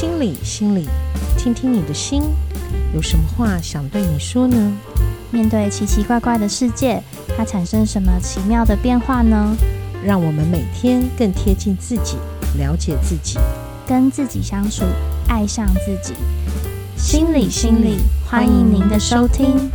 心裡，心理，聽聽你的心，有什麼話想對你說呢？面對奇奇怪怪的世界，它產生什麼奇妙的變化呢？讓我們每天更貼近自己，了解自己，跟自己相處，愛上自己。心裡，心理，歡迎您的收聽。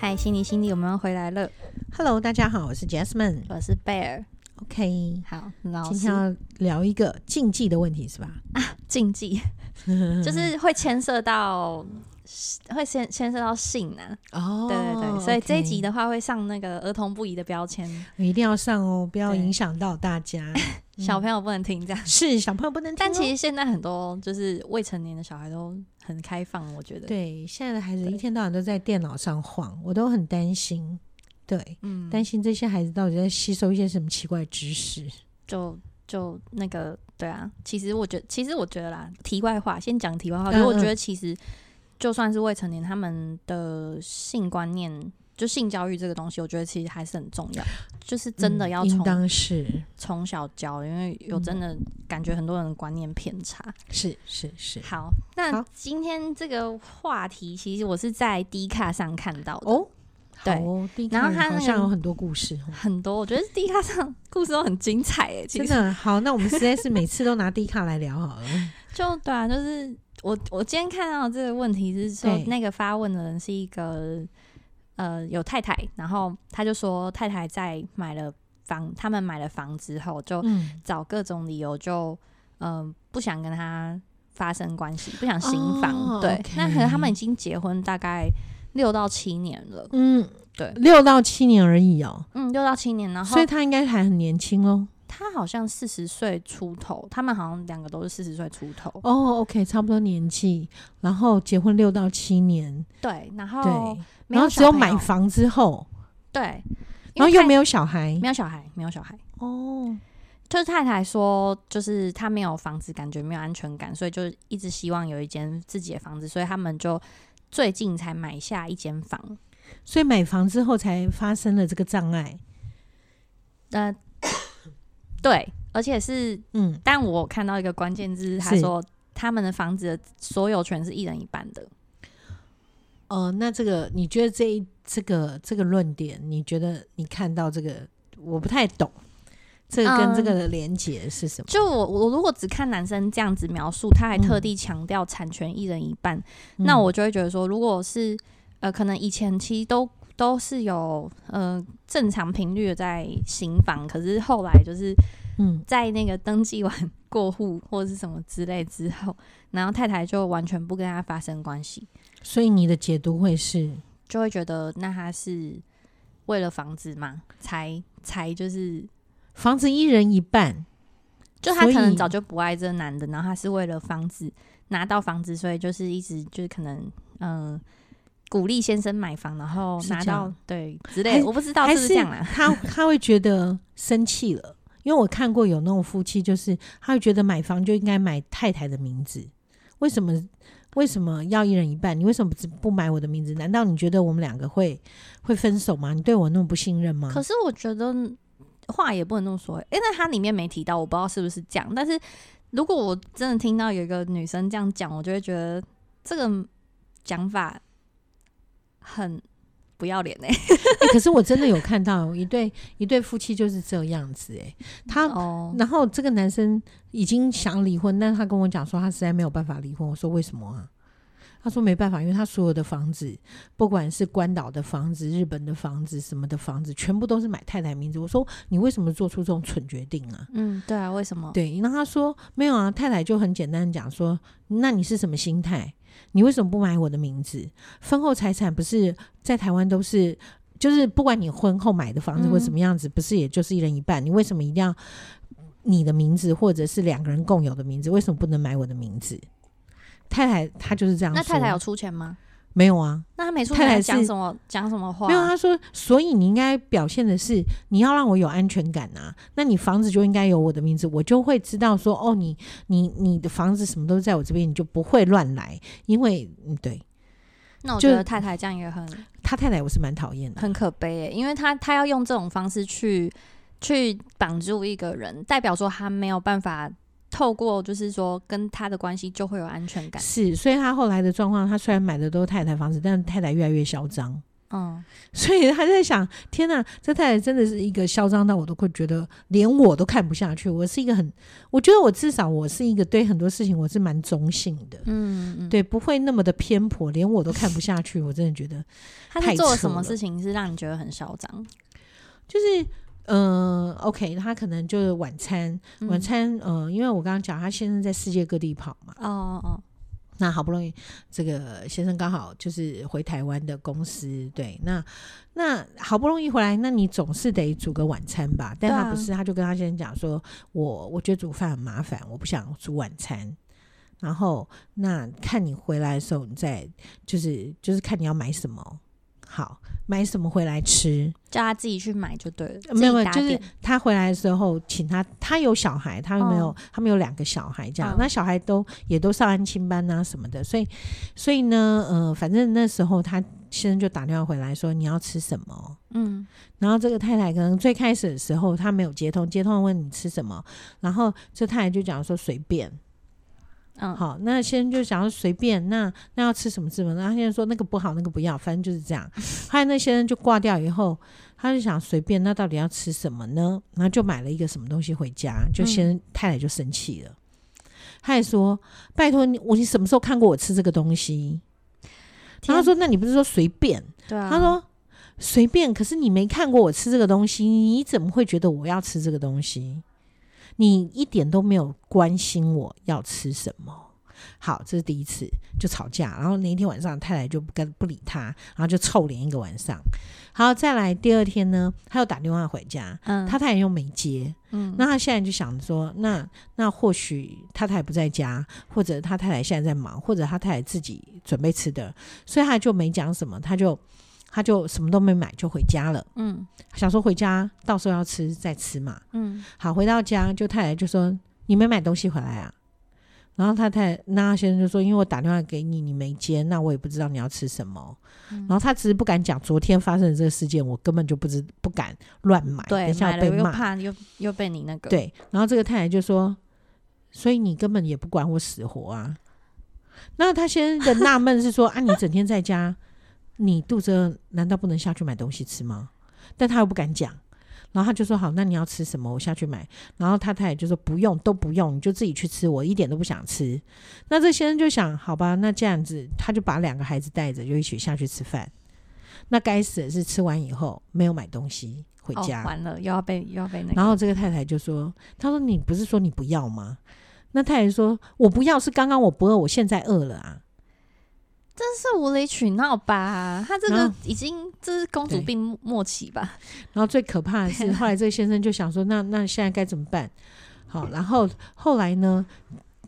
嗨，心裡，心理，我們要回來了。Hello，大家好，我是 Jasmine，我是貝爾。OK，好，那我今天要聊一個禁忌的問題是吧？啊，禁忌 就是會牽涉到，會牽牽涉到性呢、啊。哦，對對對，所以這一集的話會上那個兒童不宜的標籤，okay, 一定要上哦，不要影響到大家。小朋友不能聽這樣，是，小朋友不能聽。但其實現在很多就是未成年的小孩都很開放，我覺得。對，現在的孩子一天到晚都在電腦上晃，我都很擔心。對，嗯，擔心這些孩子到底在吸收一些什麼奇怪知識？就就那個，對啊，其實我覺得，其實我覺得啦，題外話，先講題外話，因為、嗯嗯、我覺得其實就算是未成年，他們的性觀念，就性教育這個東西，我覺得其實還是很重要，就是真的要從、嗯，應當是從小教，因為有真的感覺很多人的觀念偏差，是是、嗯、是。是是好，那好今天這個話題，其實我是在 D 卡上看到的。哦對，然後他、那個、好像有很多故事，那個、很多。我覺得 D 卡上故事都很精彩、欸，真的。好，那我們實在是每次都拿 D 卡來聊好了。 就對啊，就是我我今天看到這個問題是說，對那個發問的人是一個呃有太太，然後他就說太太在買了房，他們買了房之後就找各種理由就嗯、呃、不想跟他發生關係，不想行房。哦、對，okay 那可能他們已經結婚大概。六到七年了，嗯，對，六到七年而已哦，嗯，六到七年，然後，所以他應該還很年輕哦。他好像四十歲出頭，他們好像兩個都是四十歲出頭。哦，OK，差不多年紀，然後結婚六到七年，對，然後對，然後只有買房之後，對，然後又沒有小孩，沒有小孩，沒有小孩，哦，就是太太說，就是他沒有房子，感覺沒有安全感，所以就一直希望有一間自己的房子，所以他們就。最近才買下一間房，所以買房之後才發生了這個障礙。呃，對，而且是嗯，但我看到一個關鍵字，他說是他們的房子的所有權是一人一半的。哦、呃，那這個你覺得這一這個這個論點，你覺得你看到這個，我不太懂。這個跟這個的連結是什麼？Um, 就我我如果只看男生這樣子描述，他還特地強調產權一人一半，嗯，那我就會覺得說，如果是呃，可能以前其實都都是有呃正常頻率的在行房，可是後來就是嗯，在那個登記完過戶或者是什麼之類之後，然後太太就完全不跟他發生關係。所以你的解讀會是，就會覺得那他是為了房子嘛，才才就是。房子一人一半，就他可能早就不愛這男的，以然後他是為了房子拿到房子，所以就是一直就是可能嗯、呃、鼓勵先生買房，然後拿到對之類，是我不知道是不是這樣啦，還是他他會覺得生氣了， 因為我看過有那種夫妻，就是他會覺得買房就應該買太太的名字，為什麼為什麼要一人一半？你為什麼不不買我的名字？難道你覺得我們兩個會會分手嗎？你對我那麼不信任嗎？可是我覺得。話也不能那麼說、欸，因為他裡面沒提到，我不知道是不是這樣。但是，如果我真的聽到有一個女生這樣講，我就會覺得這個講法很不要臉呢、欸欸。可是我真的有看到 一對一對夫妻就是這樣子誒、欸，他然後這個男生已經想離婚，但他跟我講說他實在沒有辦法離婚。我說為什麼啊？他說沒辦法，因為他所有的房子，不管是關島的房子、日本的房子、什麼的房子，全部都是買太太的名字。我說你為什麼做出這種蠢決定啊？嗯，對啊，為什麼？對，然後他說沒有啊，太太就很簡單的講說，那你是什麼心態？你為什麼不買我的名字？婚後財產不是在台灣都是，就是不管你婚後買的房子或什麼樣子，不是也就是一人一半。嗯，你為什麼一定要你的名字，或者是兩個人共有的名字？為什麼不能買我的名字？太太，他就是這樣。那太太有出錢嗎？沒有啊。那他沒出錢，太太講什麼講什麼話？沒有，他說，所以你應該表現的是，你要讓我有安全感啊。那你房子就應該有我的名字，我就會知道說，哦，你你你的房子什麼都在我這邊，你就不會亂來。因為，嗯，對。那我覺得太太這樣也很，他太太我是蠻討厭的，很可悲誒、欸，因為他他要用這種方式去去綁住一個人，代表說他沒有辦法。透過就是說跟他的關係就會有安全感，是，所以他後來的狀況，他雖然買的都是太太房子，但是太太越來越囂張，嗯，所以他在想，天哪，啊，這太太真的是一個囂張到我都會覺得連我都看不下去。我是一個很，我覺得我至少我是一個對很多事情我是蠻中性的，嗯，嗯，嗯，對，不會那麼的偏頗，連我都看不下去， 我真的覺得太扯了。他做了什麼事情是讓你覺得很囂張？就是。嗯、呃，OK，他可能就是晚餐，晚餐，嗯、呃，因為我剛剛講，他先生在世界各地跑嘛，哦哦哦，那好不容易這個先生剛好就是回台灣的公司，對，那那好不容易回來，那你總是得煮個晚餐吧？但他不是，啊，他就跟他先生講說，我我覺得煮飯很麻煩，我不想煮晚餐，然後那看你回來的時候你在，你再就是就是看你要買什麼。好，買什麼回來吃？叫他自己去買就對了。呃、沒有，就是他回來的時候，請他。他有小孩，他有沒有？哦、他們有兩個小孩，這樣、哦、那小孩都也都上安親班啊什麼的，所以所以呢，呃，反正那時候他先生就打電話回來說你要吃什麼？嗯，然後這個太太可能最開始的時候他沒有接通，接通問你吃什麼，然後這太太就講說隨便。嗯，好，那先生就想要隨便，那那要吃什麼是不是？然後先生說那個不好，那個不要，反正就是這樣。還有那先生就掛掉以後，他就想隨便，那到底要吃什麼呢？然後就買了一個什麼東西回家，就先生、嗯、太太就生氣了，他也說：“拜託你，我你什麼時候看過我吃這個東西？”天啊、然後他說：“那你不是說隨便？”對啊。他說：“隨便，可是你沒看過我吃這個東西，你怎麼會覺得我要吃這個東西？”你一點都沒有關心我要吃什麼，好，這是第一次就吵架，然後那一天晚上太太就跟不理他，然後就臭臉一個晚上。好，再來第二天呢，他又打電話回家，嗯，他太太又沒接，嗯，那他現在就想說，那那或許他太太不在家，或者他太太現在在忙，或者他太太自己準備吃的，所以他就沒講什麼，他就。他就什麼都沒買，就回家了。嗯，想說回家，到時候要吃再吃嘛。嗯，好，回到家，就太太就說：“你沒買東西回來啊？”然後他太太那他先生就說：“因為我打電話給你，你沒接，那我也不知道你要吃什麼。”然後他只是不敢講昨天發生的這個事件，我根本就不知不敢亂買，等下被罵又又被你那個。對，然後這個太太，太就說：“所以你根本也不管我死活啊？”那他先生的納悶是說：“啊，你整天在家？” 你肚子餓難道不能下去買東西吃嗎？但他又不敢講，然後他就說：“好，那你要吃什麼？我下去買。”然後他太太就說：“不用，都不用，你就自己去吃，我一點都不想吃。”那這先生就想：“好吧，那這樣子，他就把兩個孩子帶着，就一起下去吃飯。”那該死的是吃完以後沒有買東西回家，哦、完了，又要被又要被那個。然後這個太太就說：“他說你不是說你不要嗎？”那太太說：“我不要是剛剛我不餓，我現在餓了啊。”真是無理取鬧吧！他這個已經，這是公主病末期吧。然後最可怕的是，後來這個先生就想說：“那，那，那現在該怎麼辦？”好，然後後來呢？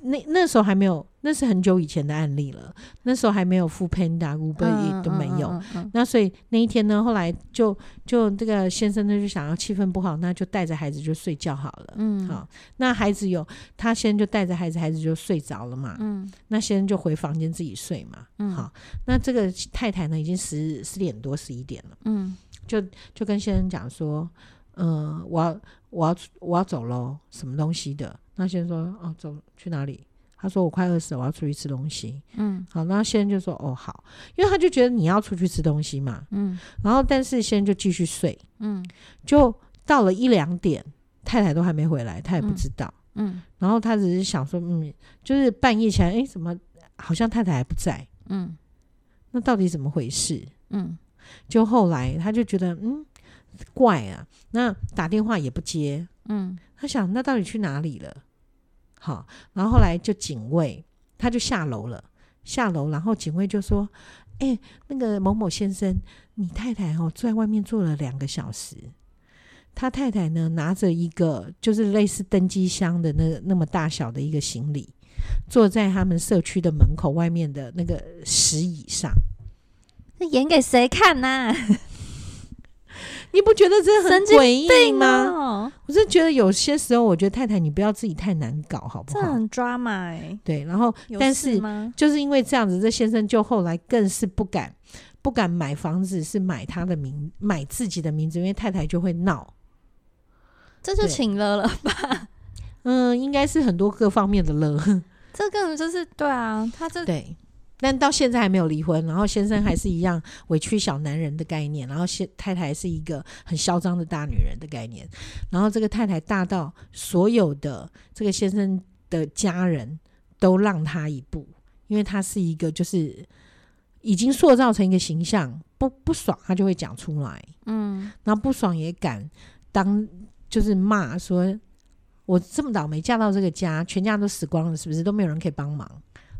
那那時候還沒有，那是很久以前的案例了。那時候還沒有付 Panda Uber 也都沒有。那所以那一天呢，後來就就這個先生呢就想要氣氛不好，那就帶着孩子就睡覺好了。嗯，好，那孩子有他先生就帶着孩子，孩子就睡着了嘛。嗯，那先生就回房間自己睡嘛。嗯，好，那這個太太呢已經十十點多十一點了。嗯，就就跟先生講說，嗯、呃，我要，我要我要走咯，什麼東西的？那先生說哦，走去哪裡？他說我快餓死了，我要出去吃東西。嗯，好，那先生就說哦好，因為他就覺得你要出去吃東西嘛。嗯，然後但是先就繼續睡。嗯，就到了一兩點，太太都還沒回來，他也不知道。嗯，嗯然後他只是想說，嗯，就是半夜起來，哎、欸，怎麼好像太太還不在？嗯，那到底怎麼回事？嗯，就後來他就覺得，嗯。怪啊！那打電話也不接，嗯，他想那到底去哪裡了？好，然後後來就警衛，他就下樓了，下樓，然後警衛就說：“誒、欸，那個某某先生，你太太哦，坐在外面坐了兩個小時。他太太呢，拿着一個就是類似登機箱的那個、那麼大小的一個行李，坐在他們社區的門口外面的那個石椅上。那演給誰看呢、啊？”你不覺得這很詭異嗎？啊、我是覺得有些時候，我覺得太太你不要自己太難搞，好不好？這很 drama，欸，對，然後有事嗎？但是就是因為這樣子，這先生就後來更是不敢不敢買房子，是買他的名，買自己的名字，因為太太就會鬧。這就請了了吧？嗯，應該是很多各方面的了。這個就是對啊，他這對。但到現在還沒有離婚，然後先生還是一樣委屈小男人的概念，然後先太太是一個很囂張的大女人的概念，然後這個太太大到所有的這個先生的家人都讓她一步，因為她是一個就是已經塑造成一個形象，不不爽她就會講出來，嗯，然後不爽也敢當就是罵說，我這麼倒霉嫁到這個家，全家都死光了，是不是都沒有人可以幫忙？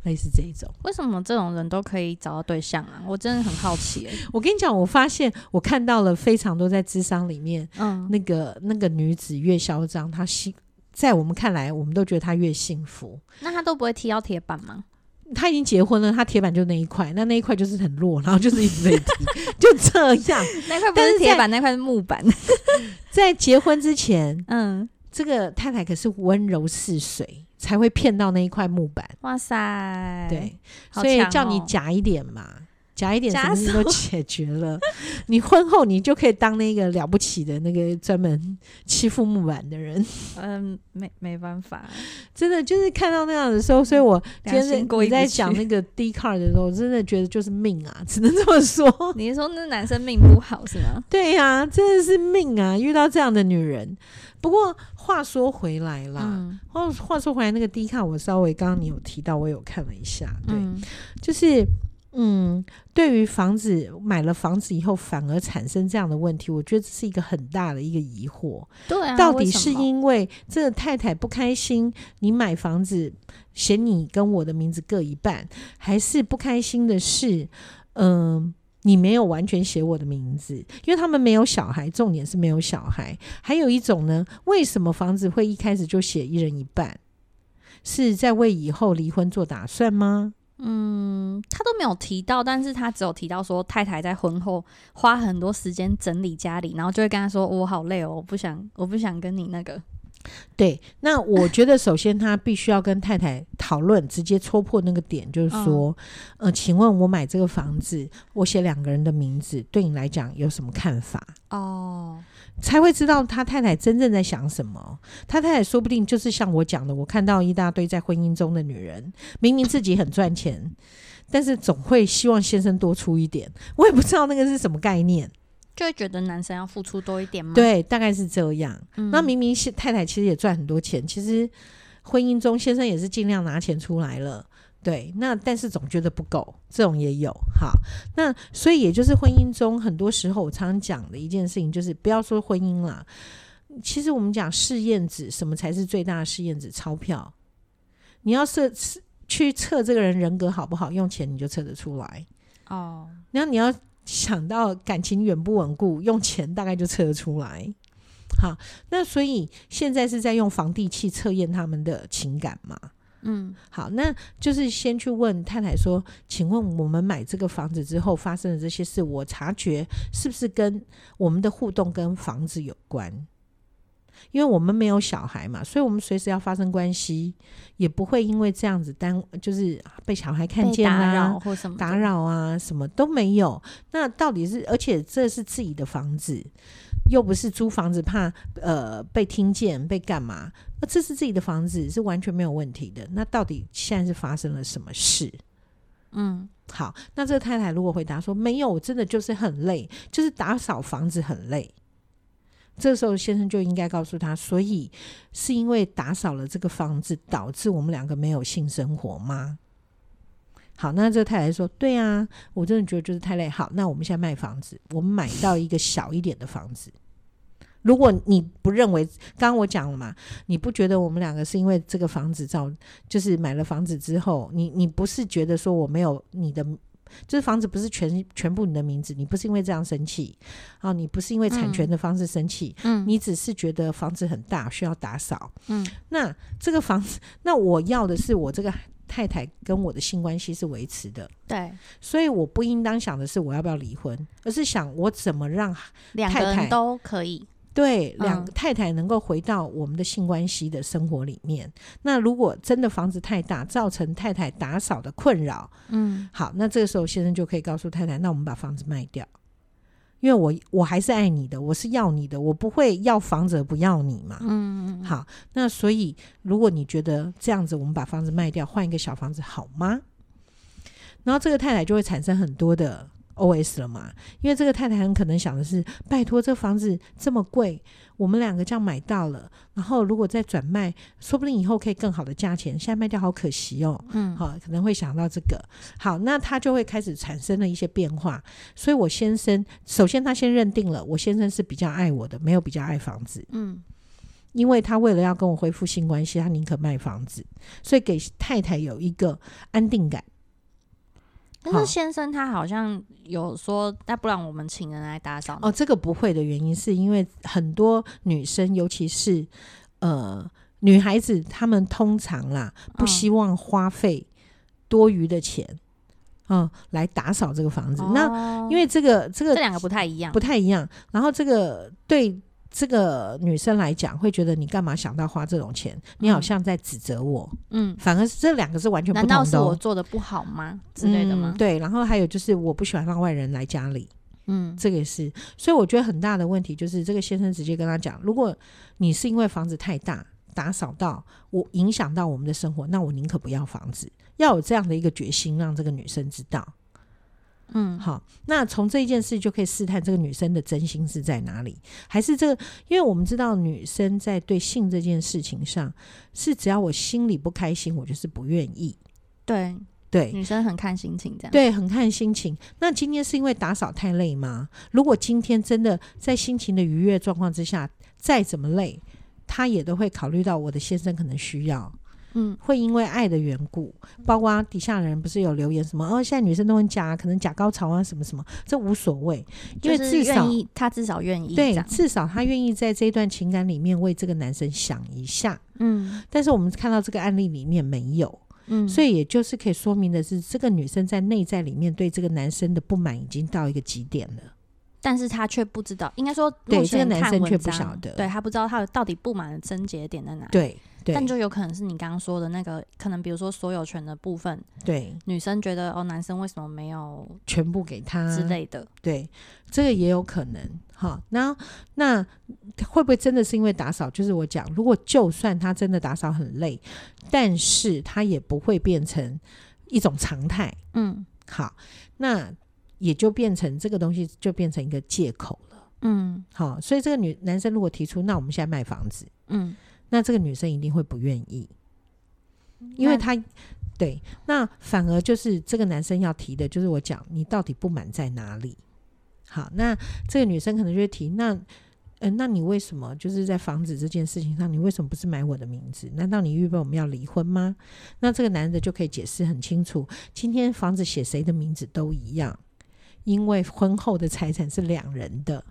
類似這一種，為什麼這種人都可以找到對象啊？我真的很好奇欸。我跟你講，我發現我看到了非常多在諮商裡面，嗯，那個那個女子越囂張，她幸在我們看來，我們都覺得她越幸福。那她都不會踢到鐵板嗎？她已經結婚了，她鐵板就那一塊，那那一塊就是很弱，然後就是一直在踢， 就這樣。 那塊不是鐵板，那塊是木板。 在結婚之前，嗯，這個太太可是溫柔似水。才會騙到那一塊木板。哇塞！對，喔、所以叫你假一點嘛，假一點，什麼事都解決了。家手 你婚後，你就可以當那個了不起的那個專門欺負木板的人。嗯，沒沒辦法，真的就是看到那樣的時候，所以我今天在講那個 D 卡的時候，我真的覺得就是命啊，只能這麼說。你是說那男生命不好是嗎？對呀、啊，真的是命啊，遇到這樣的女人。不過話說回來啦，話、嗯、話說回來，那個 Dcard 我稍微剛剛你有提到，我有看了一下，嗯、對，就是嗯，對於房子買了房子以後反而產生這樣的問題，我覺得這是一個很大的一個疑惑，對、啊，到底是因為這個太太不開心，你買房子寫、嗯、你跟我的名字各一半，還是不開心的是嗯。呃你沒有完全寫我的名字，因為他們沒有小孩，重點是沒有小孩。還有一種呢，為什麼房子會一開始就寫一人一半？是在為以後離婚做打算嗎？嗯，他都沒有提到，但是他只有提到說太太在婚後花很多時間整理家裡，然後就會跟他說：“我好累哦，我不想，我不想跟你那個。”對，那我覺得首先他必須要跟太太討論， 直接戳破那個點，就是說，哦、呃，請問我買這個房子，我寫兩個人的名字，對你來講有什麼看法？哦，才會知道他太太真正在想什麼。他太太說不定就是像我講的，我看到一大堆在婚姻中的女人，明明自己很賺錢，但是總會希望先生多出一點。我也不知道那個是什麼概念。就會覺得男生要付出多一點嗎？對，大概是這樣。嗯、那明明太太其實也賺很多錢，其實婚姻中先生也是盡量拿錢出來了。對，那但是總覺得不夠，這種也有哈。那所以也就是婚姻中很多時候我常常講的一件事情，就是不要說婚姻啦，其實我們講試驗紙，什麼才是最大的試驗紙？鈔票。你要是去測這個人人格好不好，用錢你就測得出來哦。那你要。想到感情遠不穩固，用錢大概就測得出來。好，那所以現在是在用房地契測驗他們的情感嗎？嗯，好，那就是先去問太太說：“請問我們買這個房子之後發生的這些事，我察覺是不是跟我們的互動跟房子有關？”因為我們沒有小孩嘛，所以我們隨時要發生關係，也不會因為這樣子當就是被小孩看見啊，或什麼打擾啊，什麼都沒有。那到底是，而且這是自己的房子，又不是租房子怕，怕呃被聽見被幹嘛？那這是自己的房子，是完全沒有問題的。那到底現在是發生了什麼事？嗯，好，那這個太太如果回答說沒有，我真的就是很累，就是打掃房子很累。這時候先生就應該告訴他，所以是因為打掃了這個房子，導致我們兩個沒有性生活嗎？好，那這個太太說：“對啊，我真的覺得就是太累。”好，那我們現在賣房子，我們買到一個小一點的房子。如果你不認為，剛剛我講了嘛，你不覺得我們兩個是因為這個房子造，就是買了房子之後，你你不是覺得說我沒有你的。就是房子不是全全部你的名字，你不是因為這樣生氣，哦、啊，你不是因為產權的方式生氣，嗯嗯、你只是覺得房子很大需要打掃，嗯、那這個房子，那我要的是我這個太太跟我的性關係是維持的，對，所以我不應當想的是我要不要離婚，而是想我怎麼讓太太兩個人都可以。對，兩個太太能夠回到我們的性關係的生活裡面。嗯，那如果真的房子太大，造成太太打掃的困擾，嗯，好，那這個時候先生就可以告訴太太，那我們把房子賣掉，因為我我還是愛你的，我是要你的，我不會要房子而不要你嘛，嗯，好，那所以如果你覺得這樣子，我們把房子賣掉，換一個小房子好嗎？然後這個太太就會產生很多的。O S OS 了嘛？因為這個太太很可能想的是：拜託，這房子這麼貴，我們兩個這樣買到了，然後如果再轉賣，說不定以後可以更好的價錢。現在賣掉好可惜哦。嗯，好、哦，可能會想到這個。好，那他就會開始產生了一些變化。所以，我先生首先他先認定了，我先生是比較愛我的，沒有比較愛房子。嗯，因為他為了要跟我恢復性關係，他寧可賣房子，所以給太太有一個安定感。但是先生他好像有說，那好不然我們請人來打掃、那個，哦。這個不會的原因是因為很多女生，尤其是呃女孩子，她們通常啦不希望花費多餘的錢啊、嗯嗯、來打掃這個房子。哦、那因為這個這個這兩個不太一樣，不太一樣。然後這個對。這個女生來講，會覺得你干嘛想到花這種錢？你好像在指責我。嗯，反而是這兩個是完全不同的。難道是我做得不好嗎？之類的嗎？嗯、對。然後還有就是，我不喜歡讓外人來家裡。嗯，這個也是。所以我覺得很大的問題就是，這個先生直接跟他講，如果你是因為房子太大，打掃到我影響到我們的生活，那我寧可不要房子。要有這樣的一個決心，讓這個女生知道。嗯，好。那從這一件事就可以試探這個女生的真心是在哪裡，還是這個？因為我們知道女生在對性這件事情上，是只要我心裡不開心，我就是不願意。對對，對女生很看心情，這樣。對，很看心情。那今天是因為打掃太累嗎？如果今天真的在心情的愉悅狀況之下，再怎麼累，她也都會考慮到我的先生可能需要。嗯，會因為愛的緣故，包括底下的人不是有留言什麼？哦，現在女生都很假，可能假高潮啊，什麼什麼，這無所謂，因為就是至少他至少願意，對，至少他願意在這一段情感裡面為這個男生想一下，嗯。但是我們看到這個案例裡面沒有，嗯，所以也就是可以說明的是，這個女生在內在裡面對這個男生的不滿已經到一個極點了，但是她卻不知道，應該說，對，這個男生卻不曉得，對，他不知道他到底不滿的症結點在哪裡，對。但就有可能是你剛剛說的那個，可能比如說所有權的部分，對女生覺得哦，男生為什麼沒有全部給他之類的，對，這個也有可能。好，那那會不會真的是因為打掃？就是我講，如果就算他真的打掃很累，但是他也不會變成一種常態，嗯，好，那也就變成這個東西就變成一個借口了，嗯，好，所以這個女男生如果提出，那我們現在賣房子，嗯。那這個女生一定會不願意，因為她那對，那反而就是這個男生要提的，就是我講你到底不滿在哪裡？好，那這個女生可能就會提，那嗯、呃，那你為什麼就是在房子這件事情上，你為什麼不是買我的名字？難道你預備我們要離婚嗎？那這個男的就可以解釋很清楚，今天房子寫誰的名字都一樣，因為婚後的財產是兩人的。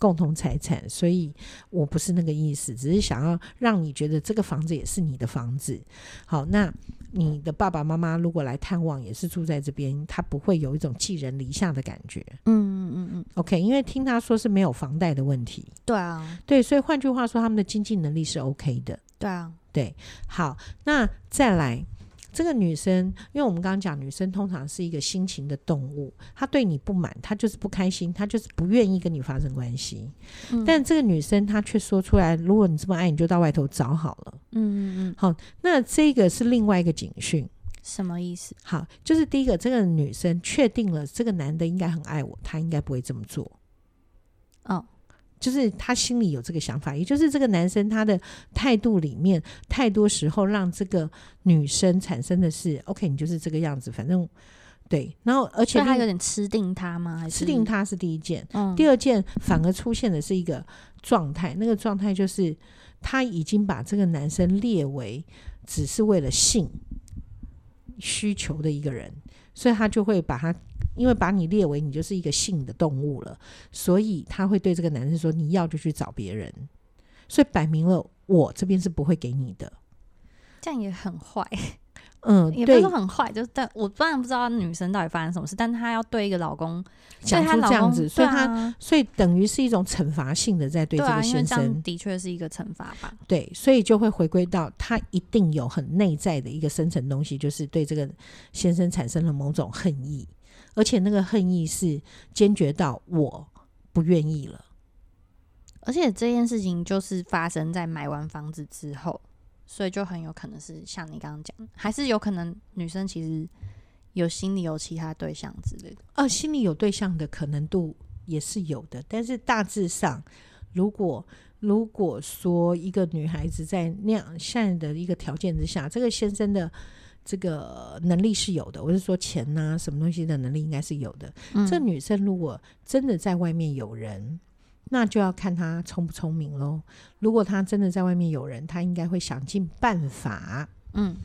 共同財產，所以我不是那個意思，只是想要讓你覺得這個房子也是你的房子。好，那你的爸爸媽媽如果來探望，也是住在這邊，他不會有一種寄人籬下的感覺。嗯嗯嗯嗯，OK，因為聽他說是沒有房貸的問題。對啊，對，所以換句話說，他們的經濟能力是 OK 的。對啊，對，好，那再來。這個女生，因為我們剛剛講，女生通常是一個心情的動物，她對你不滿，她就是不開心，她就是不願意跟你發生關係。嗯、但這個女生她卻說出來，如果你這麼愛你，就到外頭找好了。嗯嗯嗯。好，那這個是另外一個警訊，什麼意思？好，就是第一個，這個女生確定了，這個男的應該很愛我，他應該不會這麼做。哦。就是他心裡有這個想法，也就是這個男生他的態度裡面，太多時候讓這個女生產生的是 OK，你就是這個樣子，反正對。然後而且他有點吃定他嗎？還是吃定他是第一件，嗯，第二件反而出現的是一個狀態，嗯，那個狀態就是他已經把這個男生列為只是為了性需求的一個人。所以他就會把他，因為把你列為你就是一個性的動物了，所以他會對這個男生說：“你要就去找別人。”所以擺明了，我這邊是不會給你的。這樣也很壞。嗯，也不是很壞，對就是但我當然不知道女生到底發生什麼事，但她要對一個老公講出這樣子，所以她、啊、所，所以等於是一種懲罰性的在對這個先生，啊、的確是一個懲罰吧。對，所以就會回歸到她一定有很內在的一個深層東西，就是對這個先生產生了某種恨意，而且那個恨意是堅決到我不願意了，而且這件事情就是發生在買完房子之後。所以就很有可能是像你剛剛講，還是有可能女生其實有心裡有其他對象之類的。呃、啊，心裡有對象的可能度也是有的，但是大致上，如果如果說一個女孩子在那樣現在的一個條件之下，這個先生的這個能力是有的，我是說錢吶、啊、什麼東西的能力應該是有的。嗯、這女生如果真的在外面有人。那就要看他聰不聰明嘍。如果他真的在外面有人，他應該會想盡辦法，嗯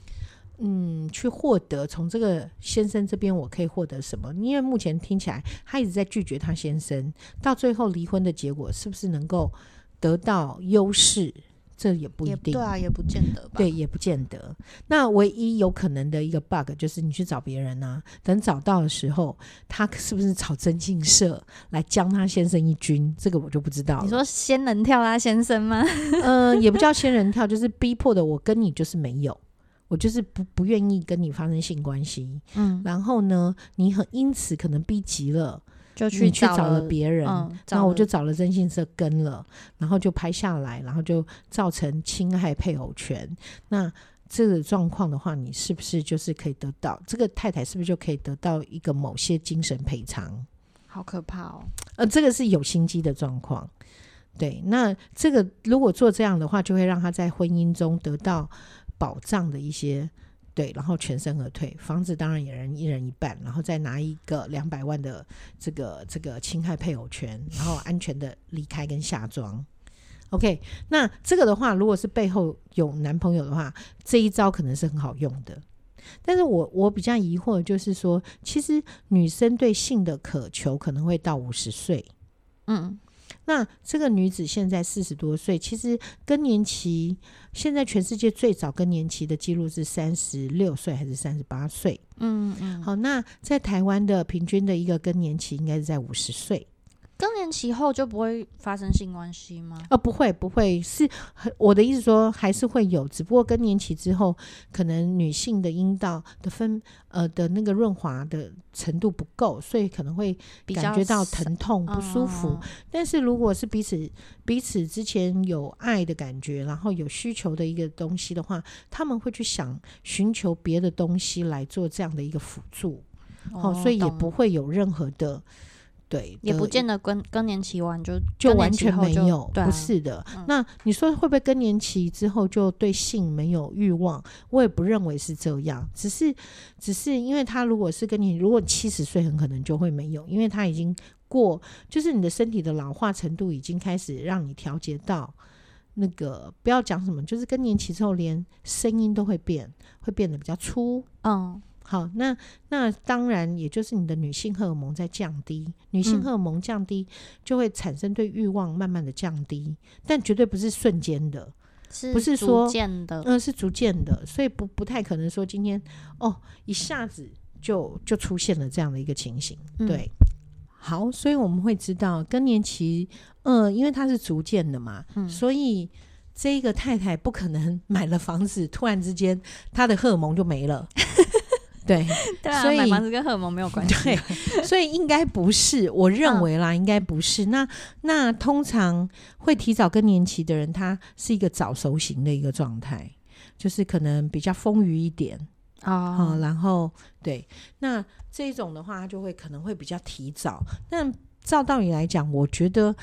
嗯，去獲得，從這個先生這邊我可以獲得什麼？因為目前聽起來他一直在拒絕他先生，到最後離婚的結果是不是能夠得到優勢？ 這也不一定，對啊，也不見得吧。對，也不見得。那唯一有可能的一個 bug 就是你去找別人啊，等找到的時候，他是不是找徵信社來將他先生一軍？這個我就不知道了。你說仙人跳啊，先生嗎？嗯、 呃，也不叫仙人跳，就是逼迫的。我跟你就是沒有，我就是不不願意跟你發生性關係。嗯，然後呢，你很因此可能逼急了。就去去找，找了別人，然後、嗯、我就找了徵信社跟了，然後就拍下來，然後就造成侵害配偶權。那這個狀況的話，你是不是就是可以得到，這個太太是不是就可以得到一個某些精神賠償？好可怕哦！呃，這個是有心機的狀況。對，那這個如果做這樣的話，就會讓他在婚姻中得到保障的一些。對，然後全身而退，房子當然也人一人一半，然後再拿一個兩百萬的這個這個侵害配偶權，然後安全的離開跟下莊。OK，那這個的話，如果是背後有男朋友的話，這一招可能是很好用的。但是我我比較疑惑就是說，其實女生對性的渴求可能會到五十歲，嗯。那這個女子現在四十多歲，其實更年期現在全世界最早更年期的記錄是三十六歲還是三十八歲？嗯嗯，好，那在台灣的平均的一個更年期應該是在五十歲。更年期後就不會發生性關係嗎？呃，不會，不會，是，我的意思說還是會有，只不過更年期之後，可能女性的陰道的分呃的那個潤滑的程度不夠，所以可能會感覺到疼痛不舒服。比較。但是如果是彼此彼此之前有愛的感覺，嗯、然後有需求的一個東西的話，他們會去想尋求別的東西來做這樣的一個輔助，好、哦，哦、所以也不會有任何的。哦對，得也不見得跟更，更年期完就就完全沒有，不是的。啊、那你說會不會更年期之後就對性沒有慾望？嗯、我也不認為是這樣，只是只是因為他如果是跟你，如果七十歲很可能就會沒有，因為他已經過，就是你的身體的老化程度已經開始讓你調節到那個，不要講什麼，就是更年期之後連聲音都會變，會變得比較粗，嗯。好，那那當然，也就是你的女性荷爾蒙在降低，女性荷爾蒙降低就會產生對欲望慢慢的降低，嗯、但絕對不是瞬間的，是逐漸的，不是說，嗯、呃，是逐漸的，所以不不太可能說今天哦一下子就就出現了這樣的一個情形，對，嗯、好，所以我們會知道更年期，嗯、呃，因為它是逐漸的嘛，嗯、所以這一個太太不可能買了房子，突然之間她的荷爾蒙就沒了。 對， 對啊、所以買房子跟荷爾蒙沒有關係， 對，所以應該不是。我認為啦，嗯、應該不是。那那通常會提早更年期的人，他是一個早熟型的一個狀態，就是可能比較豐腴一點、哦嗯、然後對，那這一種的話，他就會可能會比較提早。那照道理來講，我覺得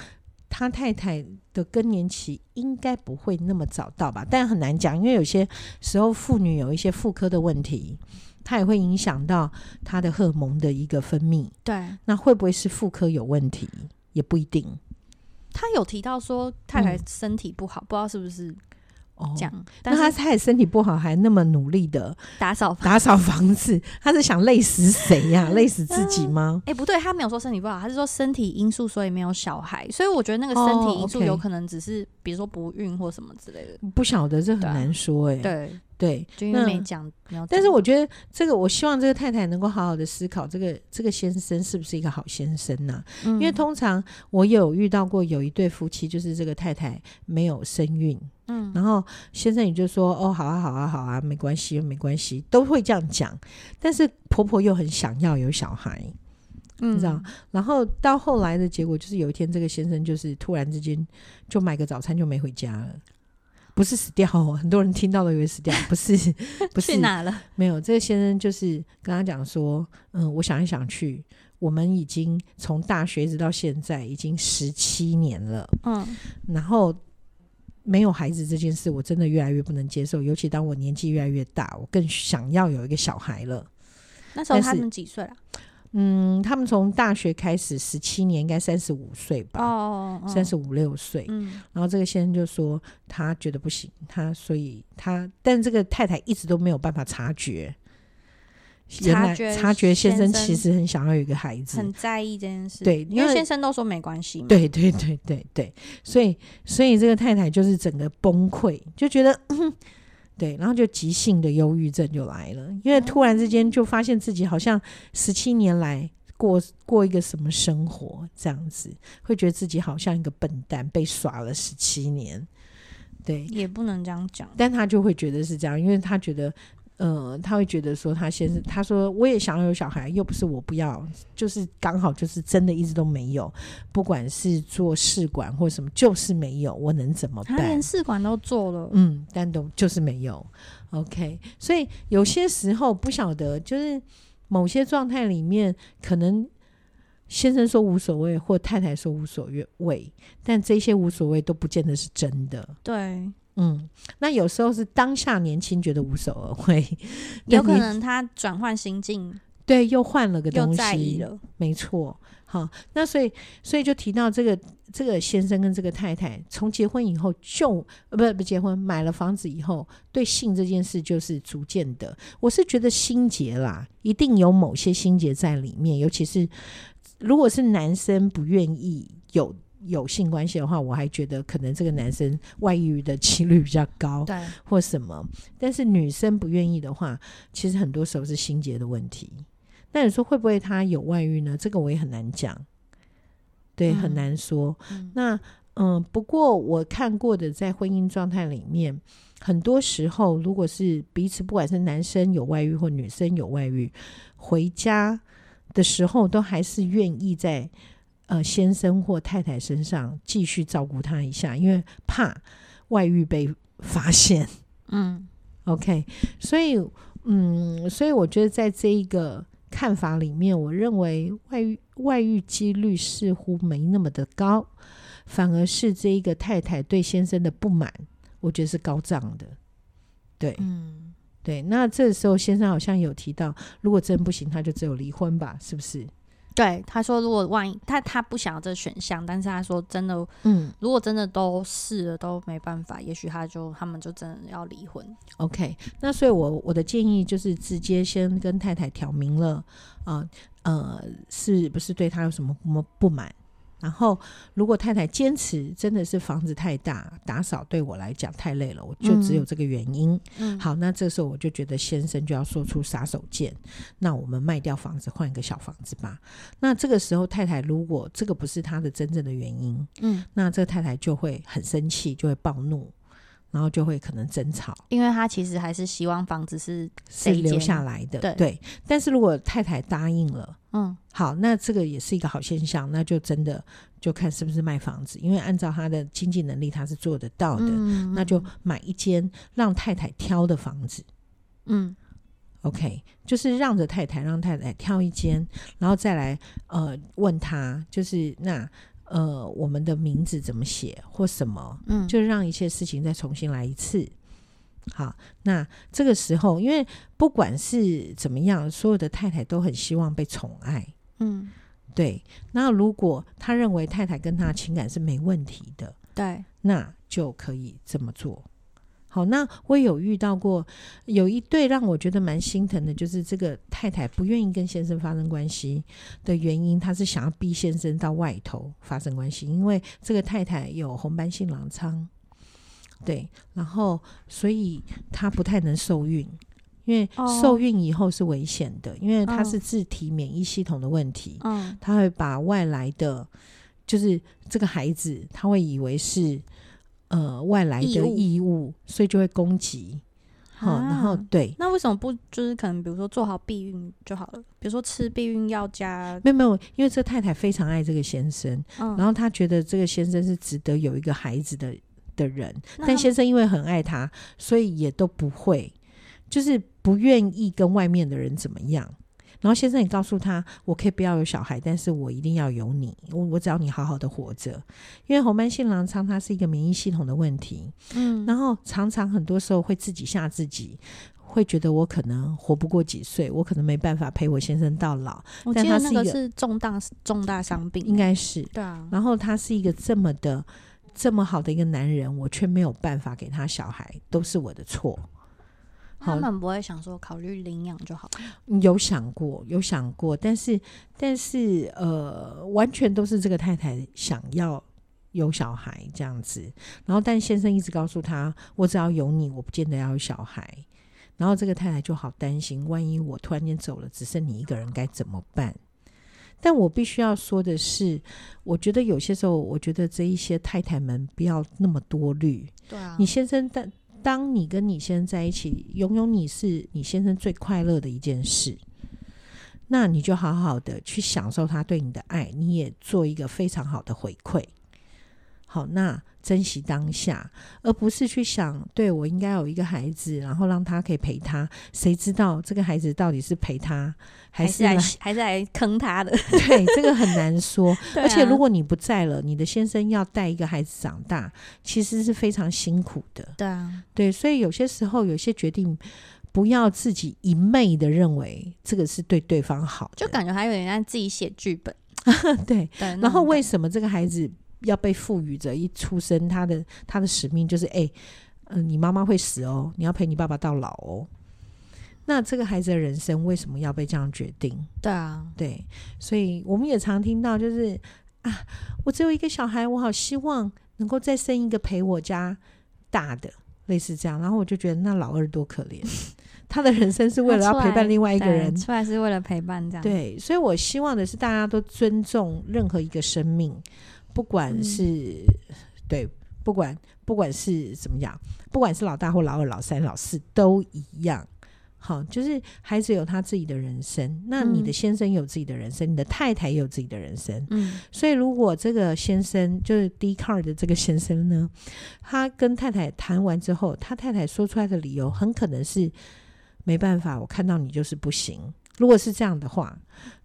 他太太的更年期應該不會那麼早到吧？但很難講，因為有些時候婦女有一些婦科的問題。他也會影響到他的荷爾蒙的一個分泌，對，那會不會是婦科有問題？也不一定。他有提到說太太身體不好，嗯、不知道是不是這樣。Oh, 但是他太太身體不好，還那麼努力的打掃 打掃房子，他是想累死誰呀、啊？ 累死自己嗎？哎、嗯，欸、不對，他沒有說身體不好，他是說身體因素所以沒有小孩。所以我覺得那個身體因素、oh, okay 有可能只是比如說不孕或什麼之類的。不曉得，這很難說哎、欸。對。對，就因為沒講，但是我覺得這個，我希望這個太太能夠好好的思考，這個這個先生是不是一個好先生呢、啊？嗯、因為通常我有遇到過有一對夫妻，就是這個太太沒有身孕，嗯，然後先生也就說，哦好、啊，好啊，好啊，好啊，沒關係，沒關係，都會這樣講。但是婆婆又很想要有小孩，嗯、你知道？然後到後來的結果就是有一天，這個先生就是突然之間就買個早餐就沒回家了。不是死掉，哦，很多人聽到了以為死掉，不是，不是 哪了？沒有，這個先生就是跟他講說，嗯，我想一想去。我們已經從大學直到現在，已經十七年了。嗯，然後沒有孩子這件事，我真的越來越不能接受。尤其當我年紀越來越大，我更想要有一個小孩了。那時候他們幾歲了？嗯，他們從大學開始，十七年應該三十五歲吧，哦，三十五六歲。嗯，然後這個先生就說他覺得不行，他所以他，但這個太太一直都沒有辦法察覺，察覺，察覺先生其實很想要有一個孩子，很在意這件事。對，因為，因為先生都說沒關係嘛，對對對對對，所以所以這個太太就是整個崩潰，就覺得。嗯對，然後就急性的憂鬱症就來了，因為突然之間就發現自己好像十七年來過過一個什麼生活這樣子，會覺得自己好像一個笨蛋被耍了十七年。對，也不能這樣講，但他就會覺得是這樣，因為他覺得。呃，他會覺得說他先生，他說我也想要有小孩，又不是我不要，就是剛好就是真的一直都沒有，不管是做試管或什麼，就是沒有，我能怎麼辦？連試管都做了，嗯，但都就是沒有。OK，所以有些時候不曉得，就是某些狀態裡面，可能先生說無所謂，或太太說無所謂，但這些無所謂都不見得是真的。對。嗯，那有時候是當下年輕覺得無所謂，有可能他轉換心境，對，又換了個東西了，沒錯。好，那所以，所以就提到這個這個先生跟這個太太，從結婚以後就、呃、不不結婚，買了房子以後，對性這件事就是逐漸的，我是覺得心結啦，一定有某些心結在裡面，尤其是如果是男生不願意有。有性關係的話，我還覺得可能這個男生外遇的幾率比較高，對，或什麼。對但是女生不願意的話，其實很多時候是心結的問題。那你說會不會他有外遇呢？這個我也很難講，對，嗯、很難說。嗯，那嗯，不過我看過的在婚姻狀態裡面，很多時候如果是彼此，不管是男生有外遇或女生有外遇，回家的時候都還是願意在，呃，先生或太太身上繼續照顧他一下，因為怕外遇被發現。嗯，OK，所以，嗯，所以我覺得在這一個看法裡面，我認為外遇外遇幾率似乎沒那麼的高，反而是這一個太太對先生的不滿，我覺得是高漲的。對，嗯，對。那這時候先生好像有提到，如果真不行，他就只有離婚吧，是不是？對，他說如果萬一他他不想要這選項，但是他說真的，嗯，如果真的都試了都沒辦法，也許他就他們就真的要離婚。OK，那所以我我的建議就是直接先跟太太挑明了，啊呃，呃，是不是對他有什麼麼不滿？不然後，如果太太堅持，真的是房子太大，打掃對我來講太累了，我就只有這個原因。嗯、好，那這個時候我就覺得先生就要說出殺手鐧，那我們賣掉房子換一個小房子吧。那這個時候，太太如果這個不是她的真正的原因，嗯，那這個太太就會很生氣，就會暴怒。然後就會可能爭吵，因為他其實還是希望房子是誰留下來的，對，對。但是如果太太答應了，嗯，好，那這個也是一個好現象，那就真的就看是不是賣房子，因為按照他的經濟能力，他是做得到的，嗯嗯嗯，那就買一間讓太太挑的房子，嗯，OK，就是讓着太太，讓太太挑一間，然後再來呃問他，就是那。呃，我們的名字怎麼寫或什麼，嗯，就讓一切事情再重新來一次。好，那這個時候，因為不管是怎麼樣，所有的太太都很希望被寵愛，嗯，對。那如果他認為太太跟他情感是沒問題的，嗯、對，那就可以這麼做。好，那我也有遇到過，有一對讓我覺得蠻心疼的，就是這個太太不願意跟先生發生關係的原因，他是想要逼先生到外頭發生關係，因為這個太太有紅斑性狼瘡，對，然後所以他不太能受孕，因為受孕以後是危險的，因為他是自體免疫系統的問題，嗯，他會把外來的，就是這個孩子，他會以為是。呃，外來的異物，異物，所以就會攻擊。好、啊嗯，然後對。那為什麼不就是可能，比如說做好避孕就好了？比如說吃避孕藥加……沒有沒有，因為這太太非常愛這個先生，嗯、然後她覺得這個先生是值得有一個孩子的的人，他但先生因為很愛她，所以也都不會，就是不願意跟外面的人怎麼樣。然後先生也告訴他，我可以不要有小孩，但是我一定要有你。我我只要你好好的活着，因為紅斑性狼瘡它是一個免疫系統的問題。嗯，然後常常很多時候會自己嚇自己，會覺得我可能活不過幾歲，我可能沒辦法陪我先生到老。我覺得那個是重大，重大，重大傷病應該是對啊。然後他是一個這麼的這麼好的一個男人，我卻沒有辦法給他小孩，都是我的錯。他們不會想說考慮領養就好了？好，有想過，有想過，但是但是呃，完全都是這個太太想要有小孩這樣子。然後，但先生一直告訴他，我只要有你，我不見得要有小孩。然後，這個太太就好擔心，萬一我突然間走了，只剩你一個人該怎麼辦？但我必須要說的是，我覺得有些時候，我覺得這一些太太們不要那麼多慮。對啊，你先生但。當你跟你先生在一起，擁有你是你先生最快樂的一件事，那你就好好的去享受他對你的愛，你也做一個非常好的回饋。好，那珍惜當下，而不是去想，對我應該有一個孩子，然後讓他可以陪他。誰知道這個孩子到底是陪他？還是,還是還,還是來坑他的，對，這個很難說。 啊、而且如果你不在了，你的先生要帶一個孩子長大，其實是非常辛苦的。對啊，對，所以有些時候有些決定，不要自己一昧的認為這個是對對方好，就感覺他有點讓自己寫劇本。 對，對然後為什麼這個孩子要被賦予着一出生，他的他的使命就是，哎、欸，嗯、呃，你媽媽會死哦，你要陪你爸爸到老哦。那這個孩子的人生為什麼要被這樣決定？對啊，對，所以我們也常聽到，就是啊，我只有一個小孩，我好希望能夠再生一個陪我家大的，類似這樣。然後我就覺得，那老二多可憐， 他的人生是為了要陪伴另外一個人，出來,出來是為了陪伴這樣。對，所以我希望的是大家都尊重任何一個生命，不管是、嗯、對，不管不管是怎麼樣，不管是老大或老二、老三、老四都一樣。好，就是孩子有他自己的人生，那你的先生有自己的人生，嗯、你的太太也有自己的人生。嗯，所以如果這個先生就是 Dcard 的這個先生呢，他跟太太談完之後，他太太說出來的理由很可能是沒辦法，我看到你就是不行。如果是這樣的話，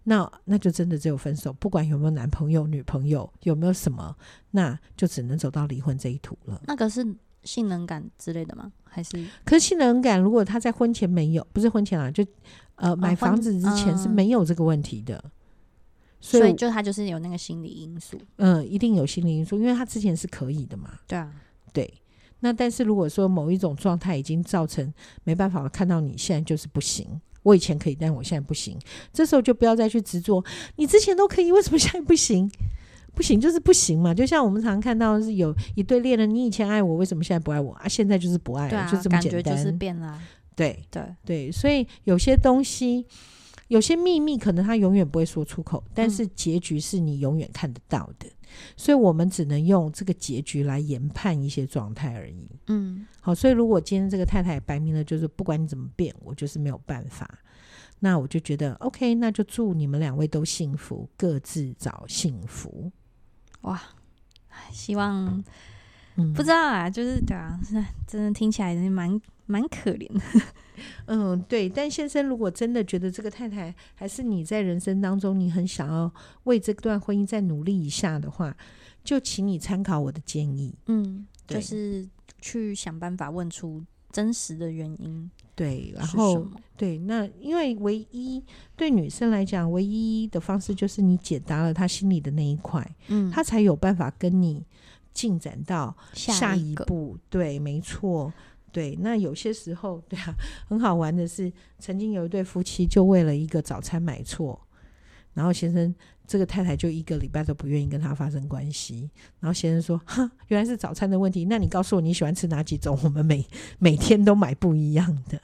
那那就真的只有分手，不管有沒有男朋友、女朋友，有沒有什麼，那就只能走到離婚這一途了。那可是。性能感之類的嗎？還是？可是性能感，如果他在婚前沒有，不是婚前啊，就呃，呃買房子之前是沒有這個問題的，嗯、所，以所以所以我，所以就他就是有那個心理因素。嗯，一定有心理因素，因為他之前是可以的嘛。對啊，對。那但是如果說某一種狀態已經造成沒辦法，看到你現在就是不行，我以前可以，但我現在不行，這時候就不要再去執着，你之前都可以，為什麼現在不行？不行，就是不行嘛。就像我們常看到的是有一對戀人，你以前愛我，為什麼現在不愛我啊？現在就是不愛了，啊、就這麼簡單。對啊，感覺就是變了。對對對，所以有些東西，有些秘密，可能他永遠不會說出口，但是結局是你永遠看得到的。嗯、所以我們只能用這個結局來研判一些狀態而已。嗯，好，所以如果今天這個太太也擺明了，就是不管你怎麼變，我就是沒有辦法。那我就覺得 OK，那就祝你們兩位都幸福，各自找幸福。哇，希望、嗯、不知道啊，就是對啊，真的聽起來人蠻蠻可憐的。嗯，對。但先生，如果真的覺得這個太太，還是你在人生當中，你很想要為這段婚姻再努力一下的話，就請你參考我的建議。嗯，對，就是去想辦法問出。真實的原因，對，然後對。那因為唯一對女生來講，唯一的方式就是你解答了她心裡的那一塊，嗯，她才有辦法跟你進展到下一,下一步。對，沒錯，對。那有些時候，對啊，很好玩的是，曾經有一對夫妻就為了一個早餐買錯。然後先生，這個太太就一個禮拜都不願意跟他發生關係。然後先生說：“哈，原來是早餐的問題。那你告訴我你喜歡吃哪幾種？我們每每天都買不一樣的。”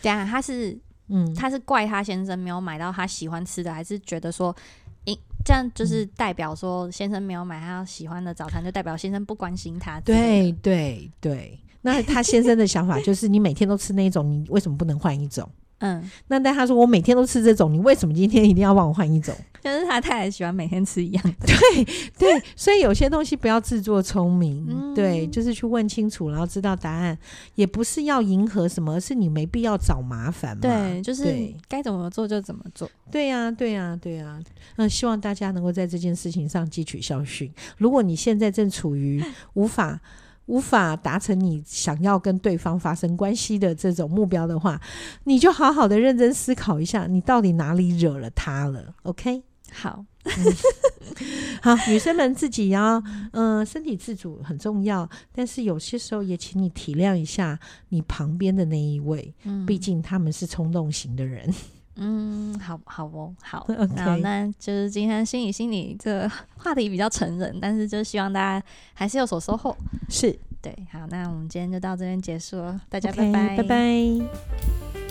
對啊，他是嗯，他是怪他先生沒有買到他喜歡吃的，還是覺得說，咦、欸，這樣就是代表說先生沒有買他喜歡的早餐，就代表先生不關心他對？對對對。那他先生的想法就是， 你每天都吃那種，你為什麼不能換一種？嗯，那但他說我每天都吃這種，你為什麼今天一定要幫我換一種？就是他太，太喜歡每天吃一樣 對。對對， 所以有些東西不要自作聰明，嗯、對，就是去問清楚，然後知道答案，也不是要迎合什麼，而是你沒必要找麻煩嘛。對，就是該對怎麼做就怎麼做。對呀、啊，對呀、啊，對呀、啊。那希望大家能夠在這件事情上汲取教訓。如果你現在正處於無法， 無法達成你想要跟對方發生關係的這種目標的話，你就好好的認真思考一下，你到底哪裡惹了他了？OK？好，嗯、 好， 女生們自己要，嗯、呃，身體自主很重要，但是有些時候也請你體諒一下你旁邊的那一位，嗯、畢竟他們是衝動型的人。嗯，好好哦，好，那 Okay. 那就是今天心裡、心裡這個話題比較成人，但是就希望大家還是有所收穫。是對，好，那我們今天就到這邊結束了，大家拜拜，okay, 拜拜。